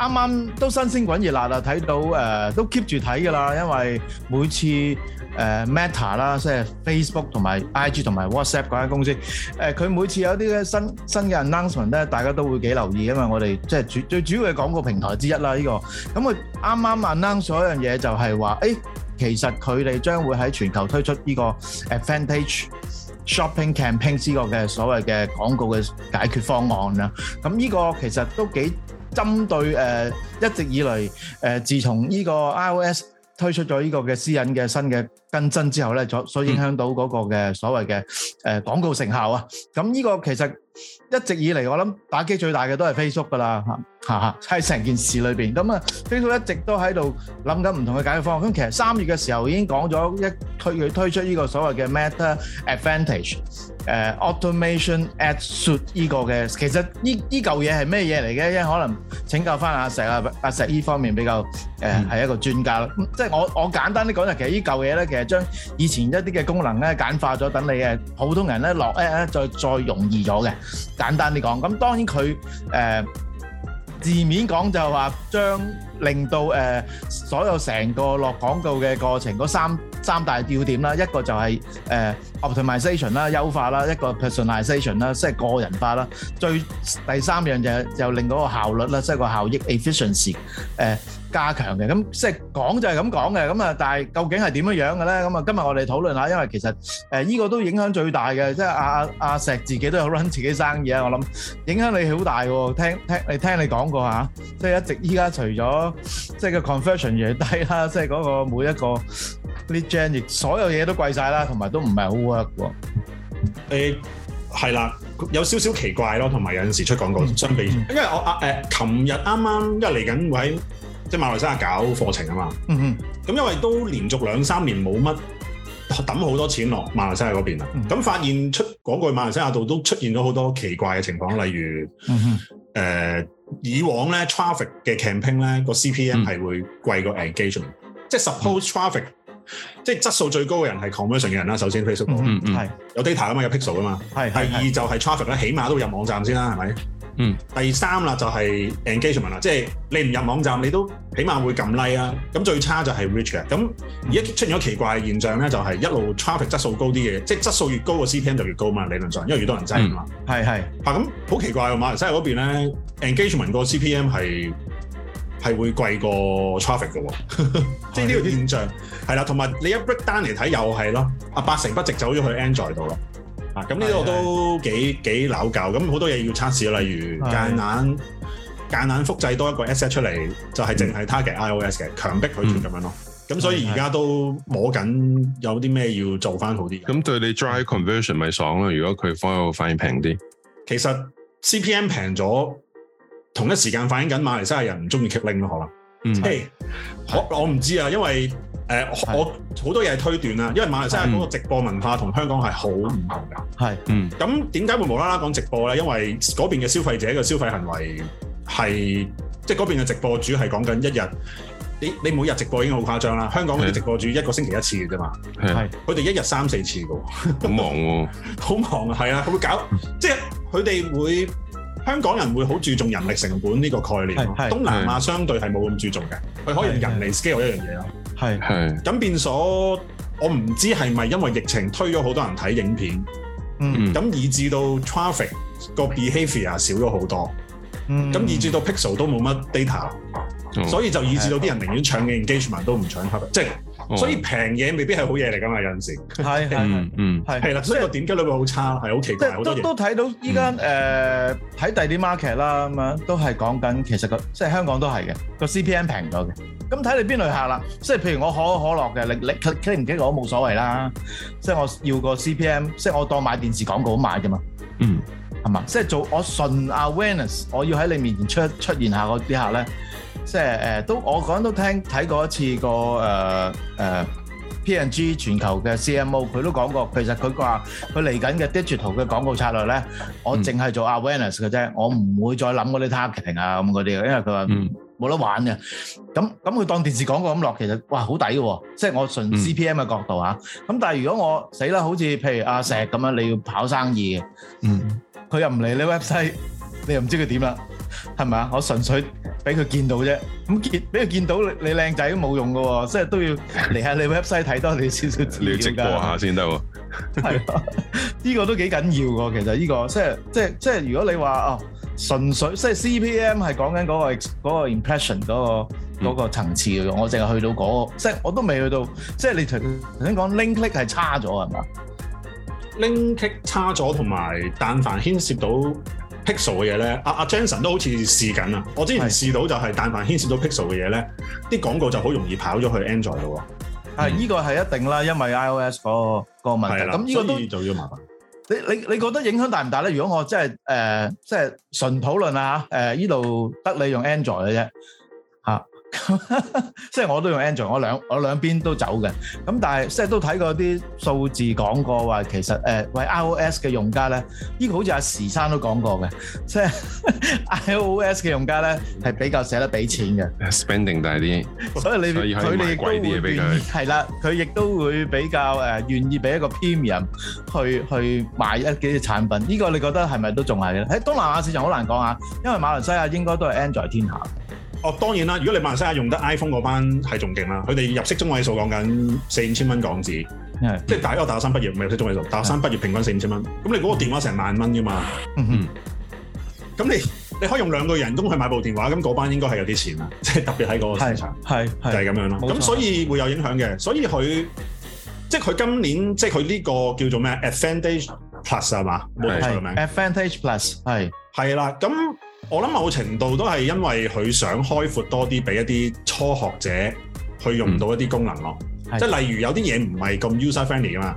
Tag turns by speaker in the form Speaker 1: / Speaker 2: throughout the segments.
Speaker 1: 啱啱都新鮮滾熱辣啦，睇到誒都 keep 住睇嘅啦，因為每次誒 Meta 啦，即係 Facebook 同埋 IG 同埋 WhatsApp 嗰間公司，誒佢每次有啲咧新新嘅 announcement 咧，大家都會幾留意啊嘛！因為我哋即係最最主要嘅廣告平台之一啦，依個咁佢啱啱 announce 咗一樣嘢，就係話誒，其實佢哋將會喺全球推出依個誒 Advantage Shopping Campaigns 依個嘅所謂嘅廣告嘅解決方案啦。咁依個其實都幾～針對、呃、一直以來、呃、自從呢個 iOS 推出咗呢個私隱嘅新嘅更新之後呢，所所影響到嗰個嘅所謂嘅誒、呃、廣告成效啊，咁呢個其實。一直以嚟，我諗打擊最大嘅都係 Facebook 噶啦，吓吓吓，喺成件事裏邊咁啊，Facebook 一直都喺度諗緊唔同嘅解決方法。咁其實三月嘅時候已經講咗一推佢推出呢個所謂嘅 Meta Advantage，誒、uh, Automation Ad Suite 呢個嘅，其實呢呢舊嘢係咩嘢嚟嘅？因為可能請教翻阿石啊阿石呢方面比較誒係、嗯、一個專家啦，即係我我簡單啲講就，其實這東西呢舊嘢咧，其實將以前一啲嘅功能咧簡化咗，等你嘅普通人咧落誒再再容易咗嘅。簡單啲講，咁當然佢誒、呃、字面講就係話將令到誒、呃、所有成個落廣告嘅過程嗰三三大調點啦，一個就係誒 Optimization 啦，呃、Optimization，優化啦，一個 Personalization 啦，即係個人化啦，最第三樣就係、就令到個效率啦，即、就、係、係、個效益 efficiency 誒、呃。加強嘅咁即係講就係咁講嘅咁啊！但係究竟係點樣樣嘅咧？咁啊，今日我哋討論下，因為其實誒依個都影響最大嘅，即係阿阿阿石自己都有 run 自己生意啊！我諗影響力好大喎，聽聽你聽你講過吓，即係一直依家除咗即係個 conversion 越低啦，即係嗰個每一個 lead gen 亦所有嘢都貴晒啦，同埋都唔係好 work 喎。誒係啦，有少少奇怪咯，同埋有陣
Speaker 2: 時出廣告相比，因為我啊誒琴日啱啱因為嚟緊位。即係馬來西亞搞課程啊嘛，咁、嗯、哼因為都連續兩三年冇乜抌好多錢落馬來西亞嗰邊啦，咁、嗯、哼發現出嗰個馬來西亞度都出現咗好多奇怪嘅情況，例如、嗯哼呃、以往咧 traffic 嘅 campaign 咧個 CPM 係會、嗯、貴過 engagement，即 suppose traffic、嗯、即係質素最高嘅人係 conversion 嘅人啦，首先 Facebook，嗯，嗯嗯，有 data 啊嘛，有 pixel 啊嘛，係，第二就係 traffic 咧，係係係起碼都會入網站先啦，啊，係咪？嗯，第三啦就係 engagement 啦，即係你唔入網站，你都起碼會撳 like 啊。咁最差就係 reach 啊。咁而家出現咗奇怪嘅現象咧，就係一路 traffic 質素高啲嘅，即係質素越高個 CPM 就越高嘛。理論上，因為越多人爭嘛。係係、嗯。啊，咁好奇怪喎！馬來西亞嗰邊咧，engagement 個 CPM 係係會貴過 traffic 嘅喎。即係呢個現象係啦，同埋的你一 break down 嚟睇又係咯。阿八成不值走咗去 Android 度咯。啊！咁呢度都幾幾扭舊，咁好是是 多嘢要測試，例如間是是 硬間眼複製多一個 SH 出嚟，就係淨係 target iOS 嘅強迫佢做咁樣咯。咁、嗯、所以而家都摸緊有啲咩要做翻好啲。
Speaker 3: 咁對你 drive conversion 咪爽咯，如果佢方有 l 反而平啲。嗯、
Speaker 2: 其實 CPM 平咗，同一時間反映緊馬來西亞人唔中意 click link 咯，可能。嗯。我我唔知啊，因為誒、呃、我好是多嘢係推斷啦，因為馬來西亞嗰個直播文化同香港係好唔同㗎。係，嗯，咁點解會無啦啦講直播咧？因為嗰邊嘅消費者嘅消費行為係，即係嗰邊嘅直播主係講緊一日，你你每日直播已經好誇張啦。香港嗰啲直播主一個星期一次㗎啫嘛，係是，佢哋是一日三四次㗎喎，好忙喎，好忙啊，係 啊，佢會搞， 即係佢哋會香港人會好注重人力成本呢個概念，東南亞相對係冇咁注重嘅，佢是可以用人嚟 scale 一樣嘢咯。係係，咁是是變咗我唔知係咪因為疫情推咗好多人睇影片，嗯，咁以至到 traffic 個 behavior 少咗好多，
Speaker 3: 咁、嗯、以至
Speaker 2: 到 pixel 都冇乜 data，所以就以致到啲人寧願搶嘅 engagement 都唔搶 click，即係 Oh yeah. 所以平嘢未必係好嘢嚟㗎嘛，有陣時。
Speaker 1: 係係係。係、hmm. 啦，所以個點擊率會好差，係好的奇怪，好的多係都睇到依家誒睇第二啲 market 啦，咁樣、mm hmm. 呃、都係講緊其實個即係香港都係嘅個 CPM 平咗嘅。咁睇你邊類客啦，即係譬如我可口可樂嘅，你你佢點擊我都冇所謂啦。即係我要個 CPM，即係我當買電視廣告咁買啫嘛。嗯、
Speaker 3: mm。
Speaker 1: 係、hmm. 嘛？即係做我純 awareness，我要喺你面前出出現下嗰啲客咧。即係誒，都我講都聽睇過一次個誒誒 P&G 全球嘅 CMO，佢都講過，其實佢話佢嚟緊嘅 digital 嘅廣告策略咧，我淨係做 Awareness 嘅啫，我唔會再諗嗰啲 targeting 啊咁嗰啲嘅，因為佢話冇得玩嘅。咁咁佢當電視廣告咁落，其實哇好抵嘅喎，即係我純 CPM 嘅角度嚇。咁但係如果我死啦，好似譬如阿石咁樣，你要跑生意嘅，嗯，佢又唔理你 website，你又唔知佢點啦。係咪啊？我純粹俾佢見到啫。咁見俾佢見到你靚仔都冇用噶喎、哦，即係都要嚟下你 website 睇多你少少資料噶。瞭解下
Speaker 3: 先得喎。係
Speaker 1: 啊，呢個都幾緊要喎。其實呢、呢個即係即係即係，如果你話哦，純粹即係 CPM 係講緊嗰個 impression 嗰、嗰個嗰、嗯、層次嘅，我淨係去到嗰、嗰個，即係我都未去到。即係你頭先講 link click 係差咗係嘛
Speaker 2: ？link click 差咗同埋但凡牽涉到。Pixel 嘅嘢咧，阿、啊、阿、啊、Johnson 都好似試緊啊！我之前試到就係、是，是但凡牽涉到 Pixel 嘅嘢咧，啲廣
Speaker 1: 告就好容易跑咗去 Android 咯。係、嗯，依個係一定啦，因為 iOS 嗰個個問題。係啊的，個所以就要麻煩。你你你覺得影響大唔大咧？如果我真係誒，即、呃、係、就是、純討論啊嚇，誒依度得你用 Android 嘅啫。即係我都用 Android，我兩我兩邊都走嘅。咁但係即係都睇過啲數字講過話，其實誒喂 iOS 嘅用家咧，呢個好似阿時生都講過嘅，即係 iOS 嘅用家咧係比較捨得俾錢嘅
Speaker 3: ，spending 大啲。
Speaker 1: 所以你賣啲貴啲嘢俾佢係啦，佢亦都會比較誒願意俾一個 premium 去去買一啲產品。呢個你覺得係咪都仲係咧？喺東南亞市場好難講啊，因為馬來西亞應該都係 Android 天下。哦，當然啦！如果你馬來西亞用得 iPhone 嗰班
Speaker 2: 係仲勁啦，佢哋入息中位數講緊四五千蚊港紙，是即係大一個大學生畢業唔係入息中位數，大學生畢業平均四五千蚊，咁是你嗰個電話成萬蚊噶嘛？嗯咁哼你你可以用兩個人工去買部電話，咁嗰班應該係有啲錢啊！即、就、係、是、特別喺個市場，係就係咁樣咯。咁錯所以會有影響嘅，所以佢即係佢今年即係佢呢個叫做咩？Advantage Plus 係嘛？冇錯名，咩？Advantage Plus 係係啦，咁。我諗某程度都係因為佢想開闊多啲俾一啲初學者去用到一啲功能咯，即係、嗯、例如有啲嘢唔係咁 user friendly 啊嘛，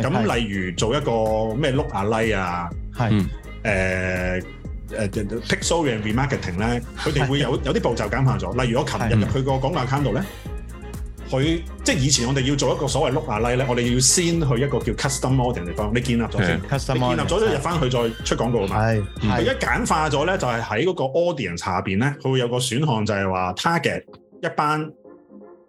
Speaker 2: 咁的例如做一個咩 lookalike 啊，pixel and remarketing 咧，佢哋會有的有啲步驟簡化咗，例如我琴日入去個廣告 account 度咧。佢即係以前我哋要做一個所謂 lookalike，咧，我哋要先去一個叫 custom audience 地方，你建立咗先。Yeah, custom 你建立咗，再入翻去再出廣告啊嘛。佢而家簡化咗咧，就係喺嗰個 audience 下邊咧，佢會有個選項就係話 target 一班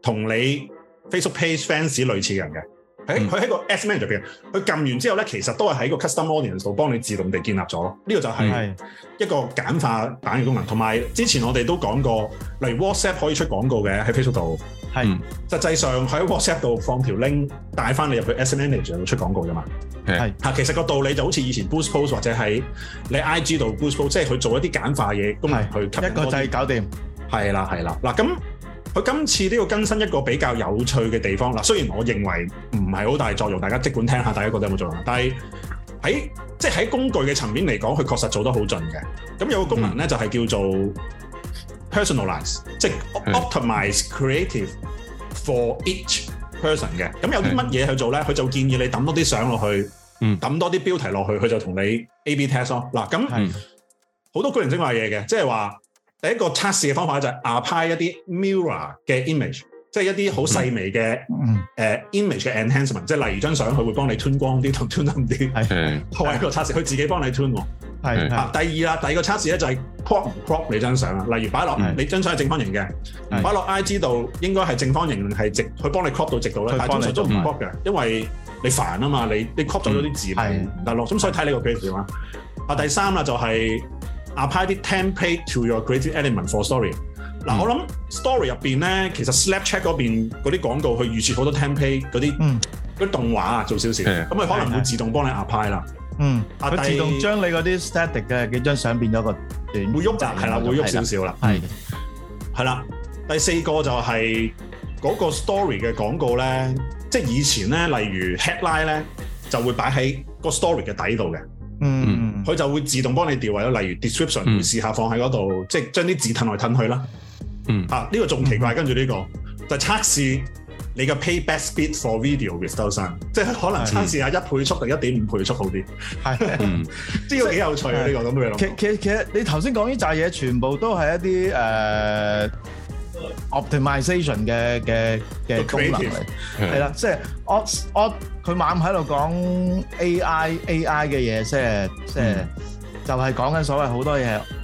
Speaker 2: 同你 Facebook page fans 類似嘅人嘅。喺佢喺個 ads manager 入面，佢撳完之後咧，其實都係喺個 custom audience 度幫你自動地建立咗咯。呢、這個就係一個簡化版嘅功能。同埋 Right. 之前我哋都講過，例如 WhatsApp 可以出廣告嘅喺 Facebook 度。係，是嗯、實際上喺 WhatsApp 度放條 link 帶翻你入去 Ads Manager 度出廣告噶嘛是，係是，嚇，其實個道理就好似以前 BoostPost 或者喺你 IG 度 BoostPost，即係佢做一啲簡化嘢，都是能去吸一個掣搞掂，係啦，係啦，嗱咁佢今次呢個更新一個比較有趣嘅地方，嗱雖然我認為唔係好大作用，大家即管聽下，大家覺得有冇作用，但係喺即係喺工具嘅層面嚟講，佢確實做得好盡嘅，咁有個功能咧就係叫做。嗯 Personalize 即係 optimize creative for each person 嘅。咁的有啲乜嘢去做咧？佢就建議你揼多啲相落去，揼、啊、的多啲標題落去，佢就同你 A/B test 咯。嗱，咁好多古靈精怪嘢嘅，即係話第一個測試嘅方法咧，就係 apply 一啲 mirror 嘅 image，即係一啲好細微嘅、嗯呃、image 嘅 enhancement，即係例如張相，佢會幫你吞光啲同吞暗啲，係啊，為的一個測試，佢 自己幫你吞喎。啊，第二啦，第二個測試咧就係 crop 唔 crop 你張相啊。例如擺落你張相係正方形嘅，擺落 IG 度應該係正方形，係直，佢幫你 crop 到直度咧，但通常都唔 crop 嘅，因為你煩啊嘛，你你 crop 咗啲字唔得，咁所以睇呢個幾點啦。啊，第三啦，就係 apply 啲 template to your creative element for story。嗱，我諗 story 入面咧，其實 Snapchat 嗰邊嗰啲廣告去預設好多 template 嗰啲啲動畫啊，做少少，咁佢可能會自動幫你 apply 啦。
Speaker 1: 嗯，佢自動將你嗰啲 static 嘅幾張相變咗個
Speaker 2: 段，會喐，係啦，會喐少少啦，係的，係啦，第四個就係嗰個 story 嘅廣告咧，即係以前咧，例如 headline 咧，就會擺喺個 story 嘅底度嘅，嗯，佢就會自動幫你調位咗，例如 description，試、嗯、下放喺嗰度，即係將啲字褪來褪去啦，嗯，移移嗯啊，呢、這個仲奇怪，嗯、跟住呢、這個就測試你個 payback speed for video with 周生即係可能測試下一
Speaker 1: 倍速定一點五倍速好啲，係呢個幾有趣啊！呢個咁你諗？其其其實你頭先講呢扎嘢，全部都係一啲誒 optimization 嘅嘅嘅功能嚟，係啦，即係我我佢晚喺度講 A I A I 嘅嘢，即係即係就係講緊所謂好多嘢。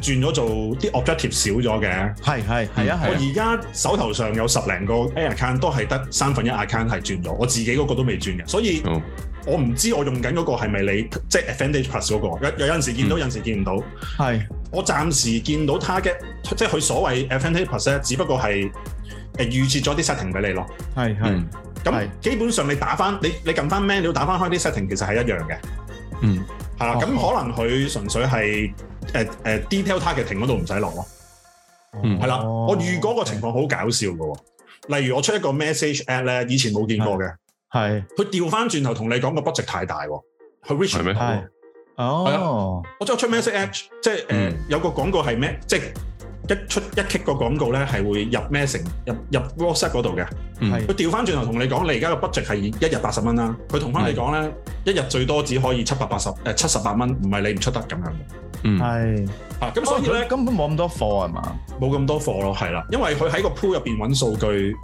Speaker 2: 轉咗做啲 objective 少咗嘅，係係啊，啊，啊我而家手頭上有十零個、N、account i 都係得三分一 account 係轉咗，我自己嗰個都未轉嘅，所以我唔知道我用緊嗰個係咪你即係 Advantage Plus 嗰個？有有陣時見到，嗯、有陣時見唔到。是我暫時見到他嘅，即係佢所謂 Advantage Plus 只不過係誒預設咗啲 setting 俾你咯。咁基本上你打翻你你撳翻 menu 打翻開啲 setting 其實係一樣嘅。嗯，啦、啊。咁、哦、可能佢純粹係。誒誒、uh, uh, detail target 停嗰度唔使落咯，係啦、oh.，我遇嗰個情況好搞笑嘅，例如我出一個 message ad 咧，以前冇見過嘅，係佢調翻轉頭同你講個 budget 太大喎，去 reach 咩嗎？係啊的、oh.。我即係出 message ad，即係誒、mm. 呃、有個廣告係咩？即一出一 kick 個廣告咧，係會入 Messaging 入入 WhatsApp 嗰度嘅。佢調翻轉頭同你講，你而家個 budget 係一日八十蚊啦。佢同翻你講咧，的一日最多只可以七百八,八十誒七十八蚊，唔、呃、係你唔出得咁樣的。嗯的，係啊，咁所以咧、啊、根本冇咁多貨係嘛，冇咁多貨咯，係啦，因為佢喺個 pool 入邊揾數據，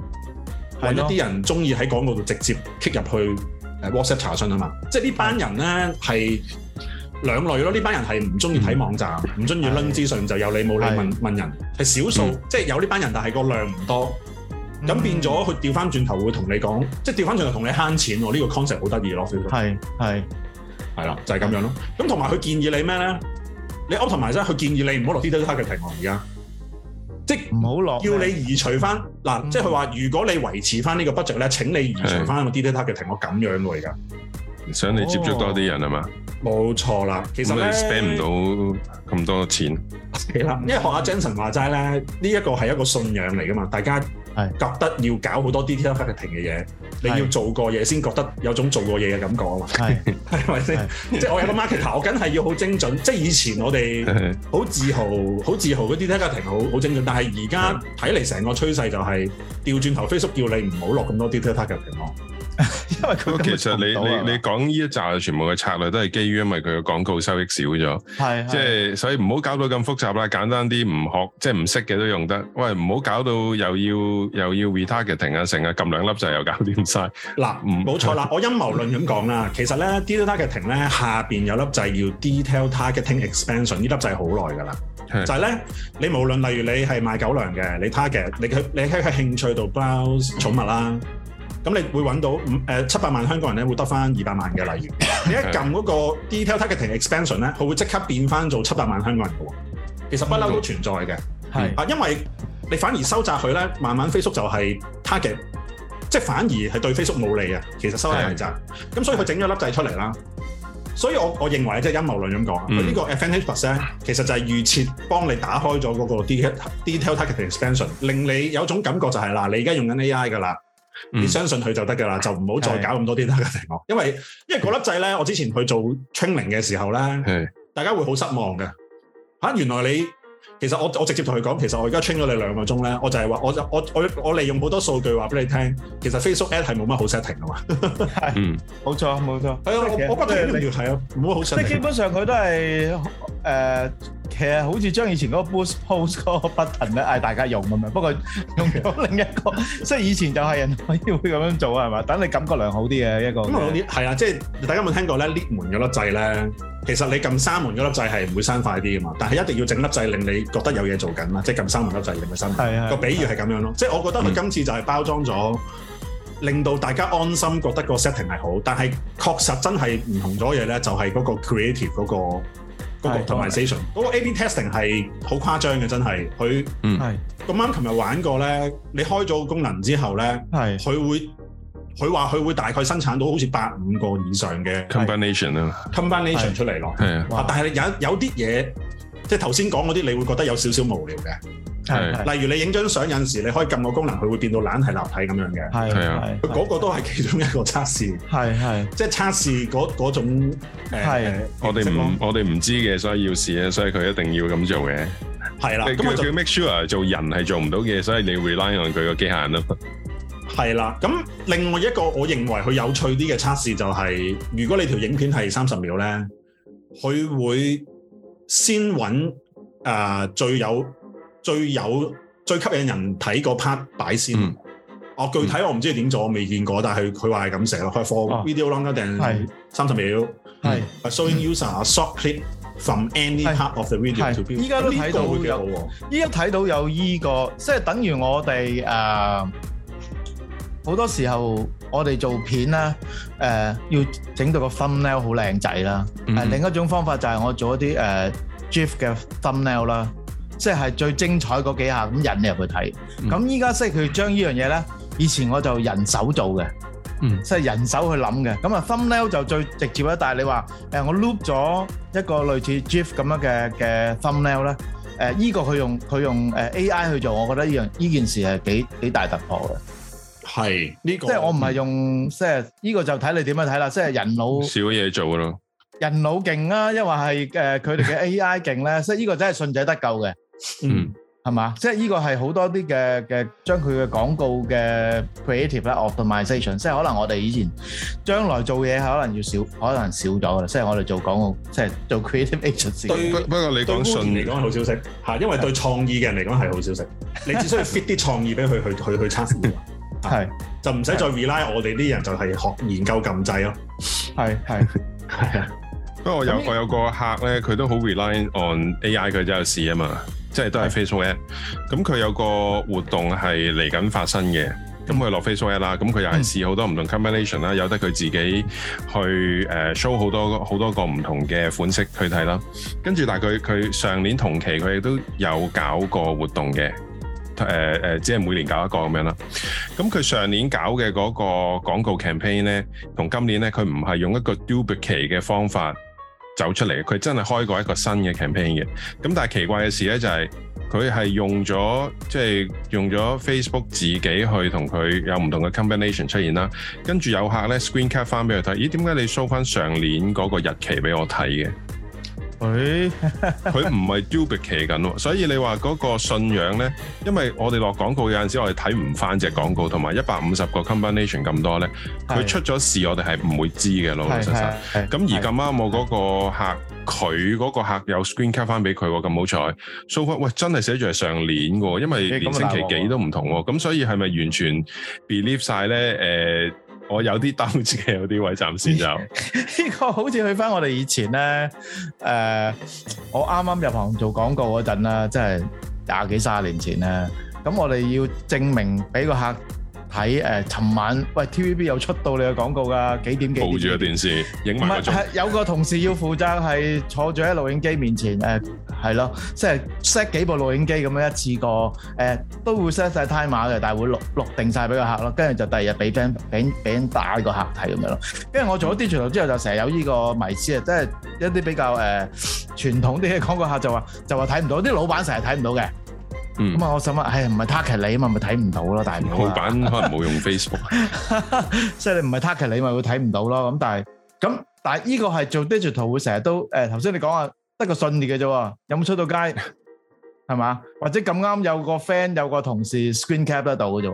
Speaker 2: 揾了一啲人中意喺廣告度直接 kick 入去誒 WhatsApp 查詢啊嘛，即係呢班人咧係。是的是兩類咯，呢班人係唔中意睇網站，唔中意擰資訊，就有你冇你問人，係少數，即係有呢班人，但係個量唔多，咁變咗佢調翻轉頭會同你講，即係調翻轉頭同你慳錢喎，呢個 concept 好得意咯，叫做係係係啦，就係咁樣咯。咁同埋佢建議你咩咧？你 o u t l 佢建議你唔好落 d i t a l t r a d i n 而家，即係唔好落，叫你移除翻嗱，即係佢話如果你維持翻呢個 budget 咧，請你移除翻個 d i t a r 我咁樣㗎而家。想你接觸多啲人係嘛？冇、哦、吧錯啦，其實咧，spend 唔
Speaker 3: 到咁多錢。
Speaker 2: 啦，因為學阿 Justin 話齋咧，呢、這、一個係一個信仰嚟㗎嘛。大家覺得要搞好多 digital marketing 嘅嘢，的你要做過嘢先覺得有種做過嘢嘅感覺啊嘛。係的，係咪先？即係的 我有個 marketer，我緊係要好精準。即係 以前我哋好自豪、好自豪嗰啲 digital marketing 好好精準。但係而家睇嚟成個趨勢就係調轉頭，Facebook 叫你唔好落咁多 digital marketing 咯。
Speaker 3: 因為佢其實你你你講呢一紮全部嘅策略都係基於因為佢嘅廣告收益少咗，係即係所以唔好搞到咁複雜啦，簡單啲唔學即係唔識嘅都用得。喂，唔好搞到又要又要 retargeting 啊，成日撳兩粒就又搞掂晒。嗱，
Speaker 2: 冇錯啦，我陰謀論咁講啦，其實咧 detail targeting 咧下邊有粒掣要 detail targeting expansion 呢粒掣係好耐噶啦，就係咧你無論例如你係賣狗糧嘅，你 target 你去你喺個興趣度 browse 寵物啦。咁你會揾到五誒七百萬香港人咧，會得翻二百萬嘅。例如，你一撳嗰個 detail targeting expansion 咧，佢會即刻變翻做七百萬香港人嘅喎。其實不嬲都存在嘅，係啊，因為你反而收窄佢咧，慢慢飛速就係 target，即係反而係對飛速冇利啊。其實收窄係窄咁，是的 所以佢整咗粒掣出嚟啦。所以我我認為即係陰謀論咁講，嗯、個 Bus 呢個 Advantage Plus 其實就係預設幫你打開咗嗰個 detail targeting expansion，令你有種感覺就係、是、啦，你而家用緊 AI 㗎啦。你相信佢就得噶啦，就唔好再搞咁多啲啦。我，因為因為嗰粒掣咧，我之前去做 training 嘅時候咧，係大家會好失望嘅。吓，原來你其實我我直接同佢講，其實我而家 train 咗你兩個鐘咧，我就係話，我就我我我利用好多數據話俾你聽，其實 Facebook Ads 係冇乜好 setting 噶
Speaker 1: 嘛。係，冇錯冇錯。係啊，我覺得係啊，冇乜好 setting。即係基本上佢都係誒。其實好似將以前嗰 Bo 個 boost post 嗰個 button 咧，嗌大家用咁樣。不過用咗另一個，即係 以，以前就係人可以會咁樣做啊，係嘛？等你感覺良好啲嘅一個。咁啊、
Speaker 2: 嗯，係啊，即係大家有冇聽過咧？𨋢 門嗰粒掣咧，其實你撳閂門嗰粒掣係唔會閂快啲啊嘛。但係一定要整粒掣，令你覺得有嘢做緊啦。即係撳閂門粒掣，你咪生。係啊。個比喻係咁樣咯，即係是是 我覺得佢今次就係包裝咗，嗯、令到大家安心，覺得個 setting 係好。但係確實真係唔同咗嘢咧，就係、是、嗰個 creative 嗰、那個。同埋 station，嗰個 A B testing 係好誇張嘅，真係佢，嗯，係咁啱。琴日玩過咧，你開咗個功能之後咧，係佢會，佢話佢會大概生產到好似百五個以上嘅
Speaker 3: combination
Speaker 2: combination 出嚟咯。係啊，但係有有啲嘢，即係頭先講嗰啲，你會覺得有少少無聊嘅。係，是例如你影張相片有陣時，你可以撳個功能，佢會變到懶係立體咁樣嘅。係啊，係啊，嗰個都係其中一個測試。係係的，即係測試嗰嗰種。我哋唔
Speaker 3: 我哋唔知嘅，所以要試啊，所以佢一定要咁做嘅。係啦。咁叫 make sure 做人係做唔到嘅，所以你 rely on 佢個機械人啦。
Speaker 2: 係啦，咁另外一個我認為佢有趣啲嘅測試就係、是，如果你條影片係三十秒咧，佢會先揾啊、呃、最有。最有最吸引人睇個 part 擺先，我具體我唔知佢點做，我未見過，但係佢話係咁寫咯，開科 video longer than 三十秒，係 showing user a short clip from any part of
Speaker 1: the video to build，依家都睇到，依家睇到有依個。即係等於我哋誒好多時候我哋做片啦，誒要整到個 thumbnail 好靚仔啦。另一種方法就係我做一啲誒 gif 嘅 thumbnail 啦。即係最精彩嗰幾下，咁引你入去睇。咁依家即係佢將依樣嘢咧，以前我就人手做嘅，即係人手去諗嘅。咁啊，thumbnail 就最直接啦。但係你話誒，我 loop 咗一個類似 gif 咁樣嘅嘅 thumbnail 咧，誒依個佢用佢用誒 AI 去做，我覺得依樣依件事係幾幾大突破嘅。係呢個，即係我唔係用即係依個就睇你點樣睇啦。即係人腦
Speaker 3: 少嘢做咯，
Speaker 1: 人腦勁啊，因為係誒佢哋嘅 AI 勁咧。即係依個真係信者得救嘅。嗯，係嘛，即係呢個係好多啲嘅嘅，將佢嘅廣告嘅 creative optimization，即係可能我哋以前將來做嘢，可能要少，可能少咗啦。即係我哋做廣告，即係做 creative agency。對，不過你講創意嚟講好少識吓，因為對創意嘅人嚟講係好少識。你只需要 fit 啲創意俾佢
Speaker 2: 去去去測試，係就唔使再 rely 我哋啲人就係學研究撳掣咯。係
Speaker 1: 係係啊，
Speaker 3: 不過我有我有個客咧，佢都好 rely on AI，佢就有試啊嘛。即係都係 Facebook app，咁佢有個活動係嚟緊發生嘅，咁佢落 Facebook app 啦，咁佢又係試好多唔同 combination 啦，由得佢自己去 show 好多好多個唔同嘅款式去睇啦，跟住但係佢佢上年同期佢亦都有搞過活動嘅，呃、呃、即係每年搞一個咁樣啦，咁佢上年搞嘅嗰個廣告 campaign 咧，同今年咧，佢唔係用一個 duplicate 嘅方法。走出嚟佢真係開過一個新嘅 campaign 嘅。咁但係奇怪嘅事呢，就係，就係佢係用咗即係用咗 Facebook 自己去同佢有唔同嘅 combination 出現啦。跟住有客呢 screen cap 翻俾佢睇，咦？點解你 show 翻上年嗰個日期俾我睇嘅？
Speaker 1: 佢佢
Speaker 3: 唔係 duplicate 緊喎，所以你話嗰個信仰咧，因為我哋落廣告有陣時我哋睇唔翻隻廣告，同埋一百五十個 combination 咁多咧，佢出咗事我哋係唔會知嘅老老實實在。咁而咁啱我嗰個客佢嗰個客有 screen cap 翻俾佢喎，咁好彩。數、so、分喂真係寫住係上年喎，因為連星期幾都唔同喎，咁、欸、所以係咪完全 believe 晒咧？呃我有啲兜住擔住嘅，有啲位暫時
Speaker 1: 就呢 個好似去翻我哋以前咧，誒、呃，我啱啱入行做廣告嗰陣啦，即係廿幾卅年前啦，咁我哋要證明俾個客。睇誒，呃、尋晚喂 TVB 又出到你嘅廣告㗎，幾點幾點幾點？黐住個
Speaker 3: 電視，影埋個，唔係
Speaker 1: 有個同事要負責係坐住喺錄影機面前誒，係、呃、咯，即係 set 幾部錄影機咁樣一次過誒、呃，都會 set 晒 time 碼嘅，但係會錄錄定晒俾個客咯，跟住就第二日俾 b 俾俾人打個客睇咁樣咯。跟住我做咗 digital 之後，就成日有呢個迷思啊，即係一啲比較誒呃、傳統啲嘅廣告客就話就話睇唔到，啲老闆成日睇唔到嘅。嗯，咁啊，我想問，唉，唔係 target 你啊嘛，咪睇唔到咯，大佬啊。老
Speaker 3: 闆可能冇用 Facebook，
Speaker 1: 即係你唔係 target 你咪會睇唔到咯。咁但係，咁但係呢個係做 digital 會成日都，誒頭先你講啊，得個信號嘅啫，有冇出到街？係嘛？或者咁啱有個 friend 有個同事 screen cap 得到嘅啫，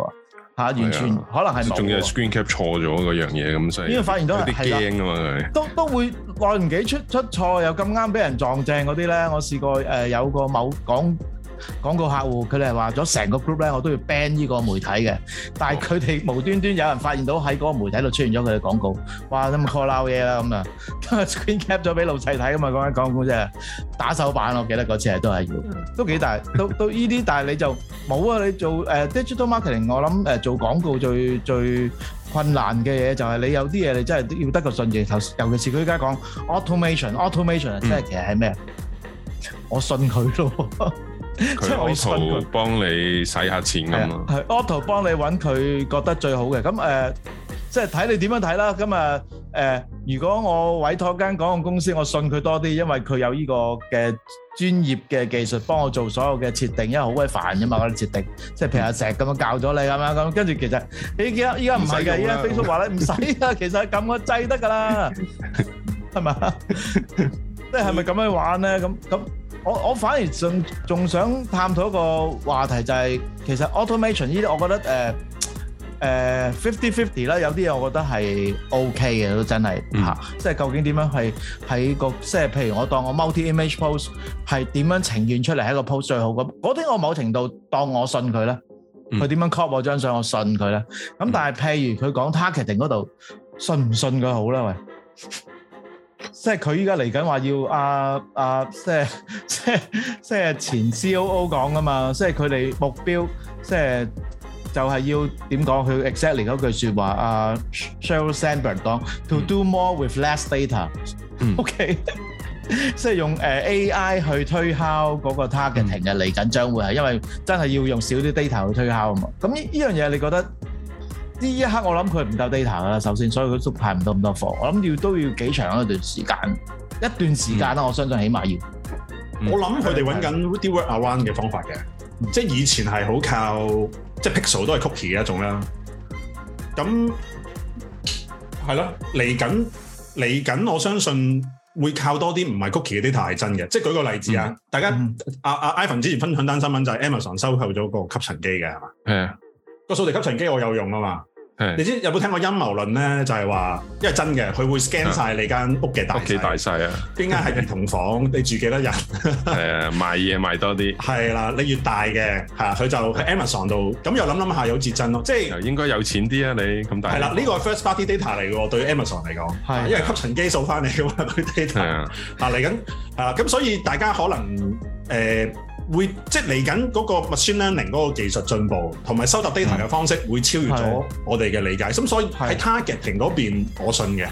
Speaker 1: 嚇，完全可能係冇。仲要
Speaker 3: screen cap 錯咗嗰樣嘢咁細，因為發現到有啲驚嘅嘛，都
Speaker 1: 都會耐唔幾出出錯，又咁啱俾人撞正嗰啲咧。我試過誒有個某講，廣告客戶佢哋話咗成個 group 咧，我都要 ban 呢個媒體嘅。但係佢哋無端端有人發現到喺嗰個媒體度出現咗佢嘅廣告，哇咁 call out 嘢啦咁啊，screen cap 咗俾老細睇啊嘛，講緊廣告啫，打手板我記得嗰次係都係要，都幾大，到到呢啲。但係你就冇啊，你做誒 digital marketing，我諗誒做廣告最最困難嘅嘢就係你有啲嘢你真係要得個信義。尤其是佢而家講 automation，automation 真係其實係咩？我信佢咯。
Speaker 3: 佢它 Auto 幫你使下錢咁啊，
Speaker 1: 係 Auto 幫你揾佢覺得最好嘅，咁誒、呃、即係睇你點樣睇啦。咁啊誒，如果我委託間廣告公司，我信佢多啲，因為佢有呢個嘅專業嘅技術幫我做所有嘅設定，因為好鬼煩㗎嘛嗰啲設定，即係 譬如阿石咁樣教咗你咁樣咁，跟住其實你記得，依家唔係㗎，依家飛叔話咧唔使啊，其實係咁個制得㗎啦，係咪？即係係咪咁樣玩咧？咁咁。我我反而仲仲想探討一個話題，就係，就係其實 automation 呢啲，我覺得誒誒 fifty fifty 啦，有啲嘢我覺得係 OK 嘅，都真係、嗯啊、即係究竟點樣係喺個即係譬如我當我 multi image post 係點樣呈現出嚟喺個 post 最好嘅嗰啲，我某程度當我信佢啦，佢點、嗯、樣 crop 我張相我信佢啦。咁、嗯、但係譬如佢講 targeting 嗰度，信唔信佢好啦喂？即係佢依家嚟緊話要阿阿即係即係即係前 COO 講㗎嘛，即係佢哋目標即係就係要點講？佢 exactly 嗰句説話，阿 Sheryl Sandberg 講，to do more with less data。嗯。OK 即係用誒 AI 去推敲嗰個 targeting 嘅嚟緊將會係因為真係要用少啲 data 去推敲啊嘛。咁呢呢樣嘢你覺得？呢一刻我諗佢唔夠 data 噶啦，首先，所以佢速派唔到咁多貨。我諗要都要幾長一段時間，一段時間啦。我相信起碼要。嗯、我諗
Speaker 2: 佢哋搵緊 workaround 嘅方法嘅，嗯、即係以前係好靠，即係 pixel 都係 cookie 嘅一種啦。咁係咯，嚟緊嚟緊，我相信會靠多啲唔係 cookie 嘅 data 係真嘅。即係舉個例子啊，大、啊、家阿阿 Ivan 之前分享單新聞就係 Amazon 收購咗個吸塵機嘅，係嘛？
Speaker 1: 係啊的，
Speaker 2: 個掃地吸塵機我有用啊嘛。你知有冇聽過陰謀論咧？就係、是、話，因為真嘅，佢會 scan 晒你的、啊、間屋嘅大細，屋企大細啊！邊間係兒童房？ 你住幾多人？誒賣嘢賣多啲。係啦，你越大嘅嚇，佢就喺 Amazon 度。咁的又諗諗下又似層層咯，即係應該有錢啲啊！你咁大。係啦，呢、這個係 first party data 嚟嘅喎，對 Amazon 嚟講，係是的 因為吸塵機掃翻嚟嘅嘛，啲 data 啊嚟緊啊，咁、啊、所以大家可能誒。呃會即係嚟緊嗰個 machine learning 嗰個技術進步，同埋收集 data 嘅方式會超越咗我哋嘅理解。咁所以喺 targeting 嗰邊，我信嘅，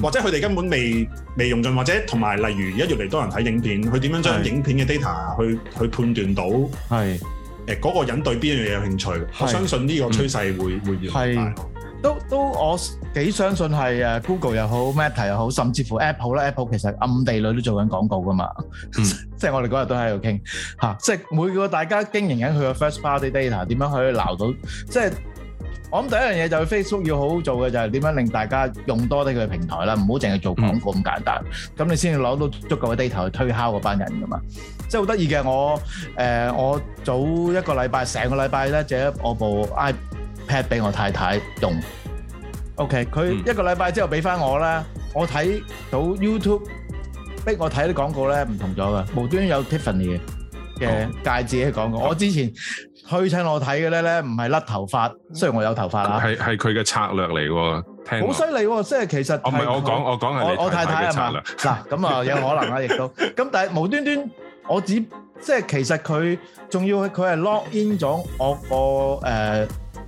Speaker 2: 或者佢哋根本未未用盡，或者同埋例如而家越嚟多人睇影片，佢點樣將影片嘅 data 去去判斷到？係誒嗰個人對邊樣嘢有興趣？我相信呢個趨勢會會越嚟越大。
Speaker 1: 都都我幾相信係誒 Google 又好，Meta 又好，甚至乎 Apple 啦，Apple 其實暗地裏都做緊廣告噶嘛。嗯，即係我哋嗰日都喺度傾吓，即係每個大家經營緊佢嘅 First Party Data 點樣可以撈到，即係我諗第一樣嘢就係 Facebook 要好好做嘅就係點樣令大家用多啲佢嘅平台啦，唔好淨係做廣告咁簡單。咁你先至攞到足夠嘅 data 去推敲嗰班人噶嘛。即係好得意嘅，我誒我早一個禮拜，成個禮拜咧借我部 iPad。pad 俾我太太用，OK，佢一個禮拜之後俾翻我啦。嗯、我睇到 YouTube 逼我睇啲廣告咧唔同咗噶，無端端有 Tiffany 嘅戒指嘅廣告。說我之前去親我睇嘅咧咧，唔係甩頭髮，雖然我有頭髮啦，係係
Speaker 3: 佢嘅策略嚟喎，好犀
Speaker 1: 利喎，即係其實我唔係我講我講係你太太嘅策略嗱，咁啊 有可能啊，亦都咁，但係無端端我只即係其實佢仲要佢係 log in 咗我個誒。呃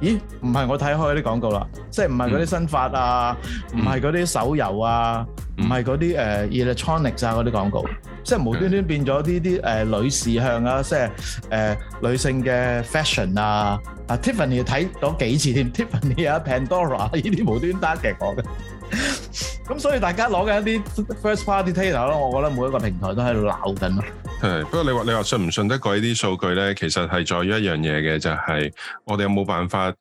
Speaker 1: 咦？唔係我睇開啲廣告啦，即係唔係嗰啲新法啊，唔係嗰啲手遊啊，唔係嗰啲誒 electronics 啊嗰啲廣告，即係無端端變咗啲啲誒女士向啊，即係誒女性嘅 fashion 啊啊！Tiffany 睇咗幾次添，Tiffany 啊，Pandora 呢啲無端端打極我嘅。咁所以大家攞嘅一啲 first party data 咯，er，我覺得每一個平台都喺度鬧緊咯。係，
Speaker 3: 不過你話你話信唔信得過呢啲數據咧，其實係在於一樣嘢嘅，就係、是、我哋有冇辦法。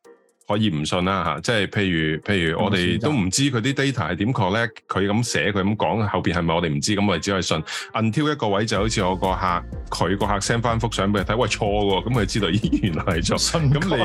Speaker 3: 可以唔信啦吓，即係譬如譬如我哋都唔知佢啲 data 係點確咧，佢咁寫，佢咁講，後邊係咪我哋唔知，咁我哋只可以信。until 一個位就好似我個客，佢個客，佢個客 send 翻幅相俾佢睇，喂錯喎，咁佢知道咦原來係錯。咁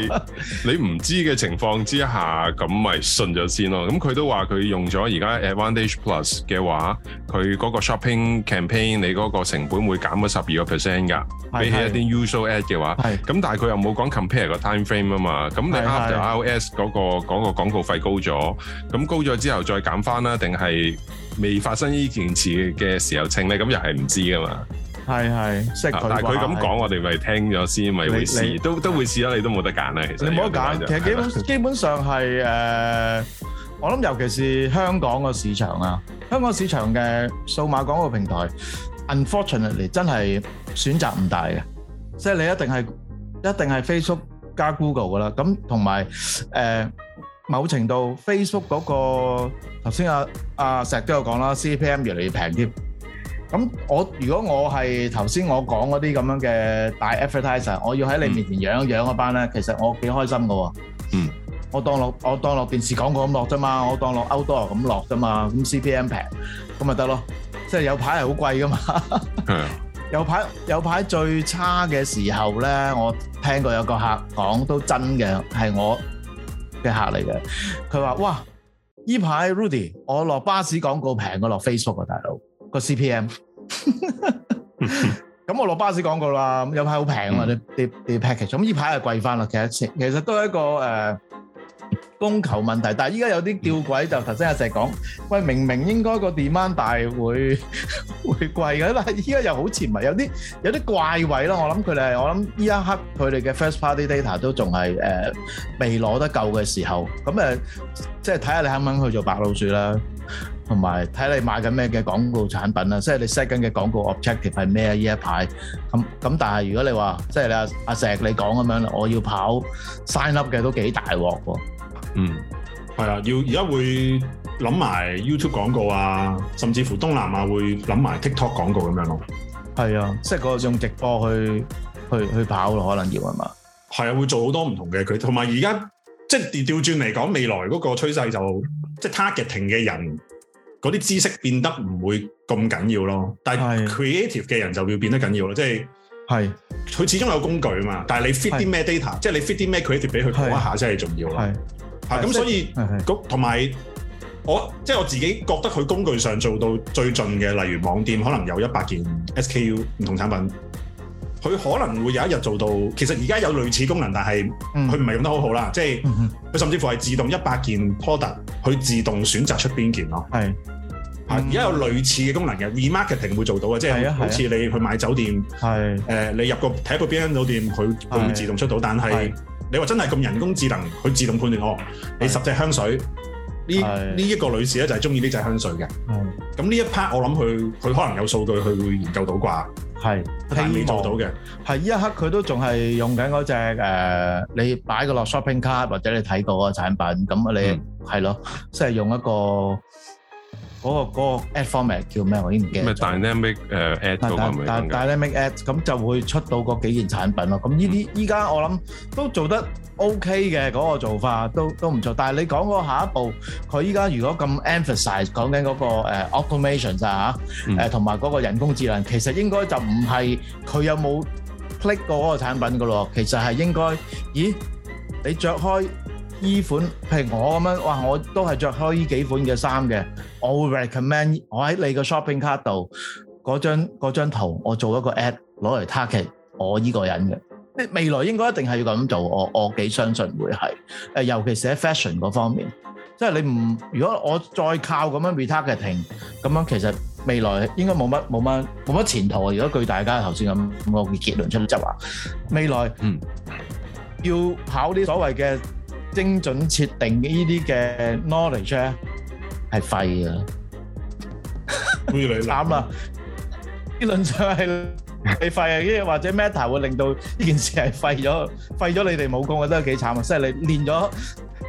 Speaker 3: 你你唔知嘅情況之下，咁咪信咗先咯。咁佢都話佢用咗而家 Advantage Plus 嘅話，佢嗰個 shopping campaign 你嗰個成本會減咗十二個 percent 㗎，是是比起一啲 usual ad 嘅話。咁是是 但係佢又冇講 compare 個 time frame 啊嘛，咁你 iOS 嗰個講個廣告費高咗，咁高咗之後再減翻啦，定係未發生呢件事嘅時候清咧？咁又係唔知噶嘛。
Speaker 1: 係係，但係佢咁講，
Speaker 3: 我哋咪聽咗先，咪會試，都都會試咗。你都冇得揀啦，其實你冇得揀。其實基
Speaker 1: 本基本上係誒，我諗尤其是香港個市場啊，香港市場嘅數碼廣告平台，unfortunately 真係選擇唔大嘅，即係你一定係一定係 Facebook。加 Google 噶啦，咁同埋誒某程度 Facebook 嗰個頭先阿阿石都有講啦，CPM 越嚟越平添。咁我如果我係頭先我講嗰啲咁樣嘅大 advertiser，我要喺你面前養養一班咧，其實我幾開心嘅喎。嗯，我當落我當落電視廣告咁落啫嘛，我當落 Outdoor 咁落啫嘛。咁 CPM 平，咁咪得咯。即係有排係好貴嘅嘛。係啊。有排有排最差嘅時候咧，我聽過有個客講都真嘅，係我嘅客嚟嘅。佢話：哇，依排 Rudy，我落巴士廣告平過落 Facebook 啊，大佬個 CPM。咁 我落巴士廣告啦，有排好平啊啲啲啲 package。咁依排係貴翻啦，其實其實都係一個誒。呃供求問題，但係依家有啲吊詭，就頭先阿石講，喂，明明應該個 demand 大會會貴嘅，但係依家又好潛埋，有啲有啲怪位咯。我諗佢哋，我諗依一刻佢哋嘅 first party data 都仲係誒未攞得夠嘅時候，咁誒即係睇下你肯唔肯去做白老鼠啦，同埋睇下你買緊咩嘅廣告產品啦，即係你 set 緊嘅廣告 objective 係咩啊？依一排咁咁，但係如果你話即係你阿阿石你講咁樣，我要跑 sign up 嘅都幾大鑊喎。
Speaker 3: 嗯，
Speaker 1: 係啊，要而家會
Speaker 2: 諗埋 YouTube 廣告啊，甚至乎東南亞會諗埋 TikTok 廣告咁樣咯。係啊，即係嗰種直播去去去跑咯，可能要係嘛？係啊，會做好多唔同嘅渠道，同埋而家即係調調轉嚟講，未來嗰個趨勢就即係 targeting 嘅人嗰啲知識變得唔會咁緊要咯。但係 creative 嘅人就要變得緊要咯，是即係係佢始終有工具啊嘛。但係你 fit 啲咩 data，即係你 fit 啲咩 creative 俾佢講一下，真係重要咯咁對所以同埋我即係、就是、我自己覺得佢工具上做到最盡嘅，例如網店可能有一百件 SKU 唔同產品，佢可能會有一日做到。其實而家有類似功能，但係佢唔係用得好好啦。即係佢甚至乎係自動一百件 product，佢自動選擇出邊件咯。係而家有類似嘅功能嘅對 remarketing 會做到嘅，即、就、係、是、好似你去買酒店，係誒、呃、你入個睇過邊間酒店，佢佢會自動出到，對但係是。你話真係咁人工智能，佢自動判斷哦。你十隻香水，呢呢一個女士咧就係中意呢隻香水嘅。咁呢一 part 我諗佢佢可能有數據，佢會
Speaker 1: 研究到啩。係，但係未做到嘅。係呢一刻佢都仲係用緊嗰隻誒，你擺個落 shopping card 或者你睇過個產品，咁你係咯，即係用一個。嗰個嗰個 ad format 叫咩？我已經唔記得咗。
Speaker 3: Dynamic 誒 ad 咁樣嘅。
Speaker 1: Dynamic ad 咁就會出到嗰幾件產品咯。咁依啲依家我諗都做得 OK 嘅嗰個做法，都都唔錯。但係你講嗰下一步，佢依家如果咁 emphasize 講緊嗰個誒 automation 咋嚇？誒同埋嗰個人工智能，其實應該就唔係佢有冇 click 過嗰個產品噶咯。其實係應該，咦？你著開依款，譬如我咁樣，哇！我都係著開依幾款嘅衫嘅。我會 recommend 我喺你個 shopping card 度嗰張嗰張圖，我做一個 ad 攞嚟 target 我依個人嘅。即係未來應該一定係要咁做，我我幾相信會係。尤其是喺 fashion 嗰方面，即係你唔如果我再靠咁樣 retargeting 咁樣，ing, 其實未來應該冇乜冇乜冇乜前途。如果據大家頭先咁個結論出嚟就話，未來嗯要考啲所謂嘅精準設定呢啲嘅 knowledge 咧。係廢啊！慘啊！理論上係係廢啊！啲或者 Meta 會令到呢件事係廢咗，廢咗你哋武功啊！我覺得幾慘啊！即係你練咗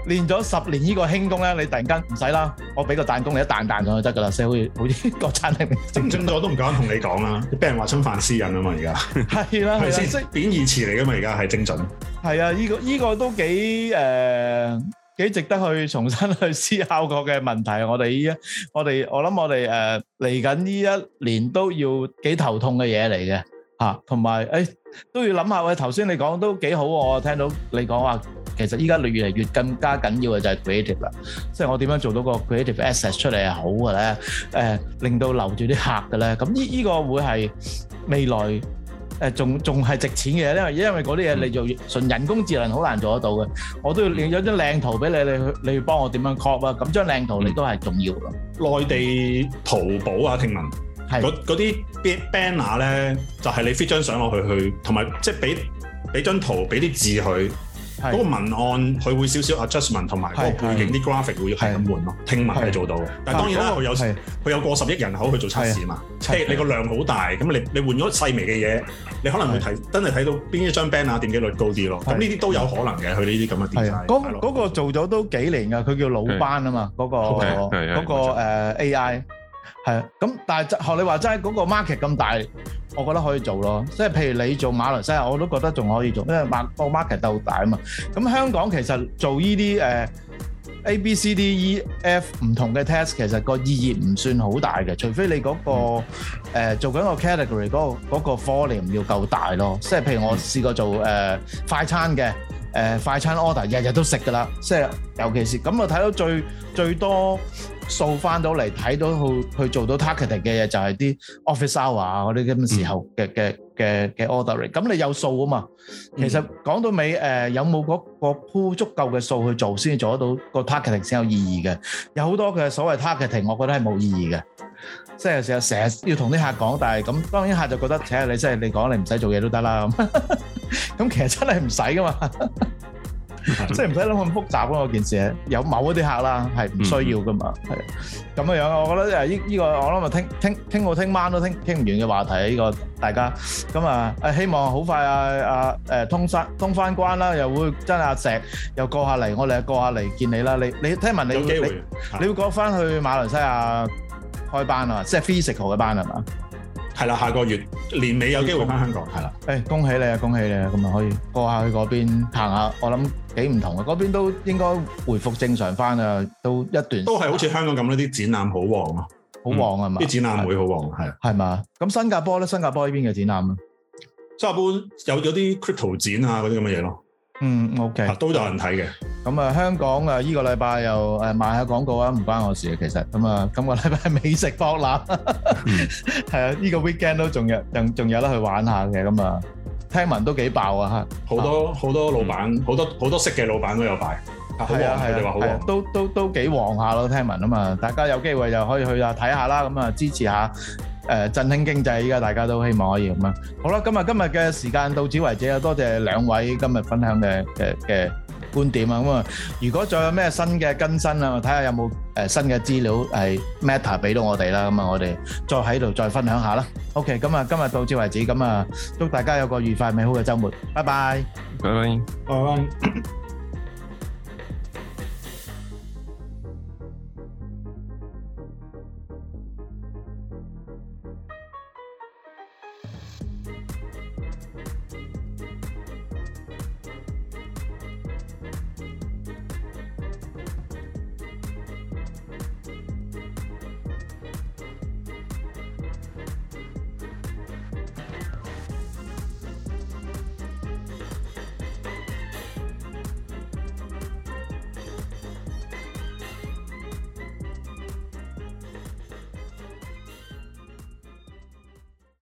Speaker 1: 練咗十年呢個輕功咧，你突然間唔使啦，我俾個彈弓你一彈彈咗就得噶啦，即係好似好似國產零精準，我都唔敢同你講
Speaker 2: 啦，你俾人話侵犯私隱啊嘛而家係啦，即係貶義詞嚟噶嘛而家係精準，
Speaker 1: 係啊，呢個呢個都幾誒。幾值得去重新去思考過嘅問題，我哋依一，我哋我諗我哋誒嚟緊依一年都要幾頭痛嘅嘢嚟嘅，吓，同埋誒都要諗下喂，頭先你講都幾好，我聽到你講話，其實依家越嚟越，更加緊要嘅就係 creative 啦，即係我點樣做到個 creative assets 出嚟係好嘅咧，誒，令到留住啲客嘅咧，咁依依個會係未來。誒仲仲係值錢嘅，因為因為嗰啲嘢你做純人工智能好難做得到嘅，我都要有張靚圖俾你，你去你幫我點樣 cop 啊？咁張靚圖你都係重要嘅。內地淘寶啊，聽聞，嗰嗰啲
Speaker 2: banner 咧，就係你 fit 張相落去，去同埋即係俾俾張圖，俾啲字佢，嗰個文案佢會少少 adjustment，同埋個背景啲 graphic 會係咁換咯，聽聞係做到嘅。但係當然啦，佢有佢有過十億人口去做測試啊嘛，即係你個量好大，咁你你換咗細微嘅嘢，你可能會睇真係睇到邊一張 banner 點擊率高啲咯。咁呢
Speaker 1: 啲都有可能嘅，佢呢啲咁嘅 design。嗰個做咗都幾年噶，佢叫老班啊嘛，嗰個嗰個誒 AI。係啊，咁但係學你話齋，嗰個 market 咁大，我覺得可以做咯。即係譬如你做馬來西亞，我都覺得仲可以做，因為馬個 market 夠大啊嘛。咁香港其實做依啲誒 A、B、C、D、E、F 唔同嘅 test，其實個意義唔算好大嘅，除非你嗰個誒做緊個 category 嗰個嗰個 volume 要夠大咯。即係譬如我試過做誒快餐嘅誒快餐 order，日日都食噶啦，即係尤其是咁啊，我睇到最最多。數翻到嚟，睇到去去做到 targeting 嘅嘢就係啲 office hour 嗰啲咁嘅時候嘅嘅嘅嘅 order，咁你有數啊嘛？其實講到尾誒，有冇嗰個鋪足夠嘅數去做先至做得到個 targeting 先有意義嘅。有好多嘅所謂 targeting，我覺得係冇意義嘅。即係成日成日要同啲客講，但係咁當然客就覺得請，你即係你講你唔使做嘢都得啦咁。咁其實真係唔使噶嘛。即係唔使諗咁複雜咯，嗰件事有某一啲客啦，係唔需要噶嘛，係咁樣樣。我覺得誒，依依個我諗咪傾傾傾到聽晚都傾傾唔完嘅話題啊，呢個大家咁啊，誒希望好快阿阿誒通翻通翻關啦，又會真係阿石又過下嚟，我哋過下嚟見你啦。你你聽聞你有機會你會你會過翻去馬來西亞開班啊？即係 physical 嘅班係嘛？係啦，下個月年尾有機會翻香港係啦。誒，恭喜你啊，恭喜你啊，咁咪可以過下去嗰邊行下。我諗。幾唔同啊！嗰邊都應該回復正常翻啊，都一段。都係好似香港咁嗰啲展覽好旺啊，好、嗯嗯、旺啊嘛！啲展覽會好旺，係。係嘛？咁新加
Speaker 2: 坡咧，新加坡邊呢邊嘅展覽咧，新加坡有咗啲 crypto 展、嗯 okay、啊，嗰啲咁嘅嘢咯。
Speaker 1: 嗯，OK，都有人睇嘅。咁啊、嗯，香港啊，依、這個禮拜又、啊、賣下廣告啊，唔關我事啊，其實咁啊，今個禮拜美食博覽，係啊、嗯，呢 個 weekend 都仲有仲仲有得去玩下嘅咁啊。聽聞都幾爆啊！好多好、哦、多老闆，好、嗯、多好多識嘅老闆都有擺，
Speaker 2: 啊好旺，佢哋話好旺，啊、
Speaker 1: 都都都幾旺下、啊、咯。聽聞啊嘛，大家有機會就可以去啊睇下啦，咁啊支持下，誒、呃、振興經濟。依家大家都希望可以咁啊。好啦，咁啊今日嘅時間到此為止啊。多謝兩位今日分享嘅嘅嘅觀點啊，咁啊，如果再有咩新嘅更新啊，睇下有冇誒新嘅資料係 Meta 俾到我哋啦，咁啊，我哋再喺度再分享下啦。OK，咁啊，今日到此為止，咁啊，祝大家有個愉快美好嘅週末，拜拜，拜拜，拜拜。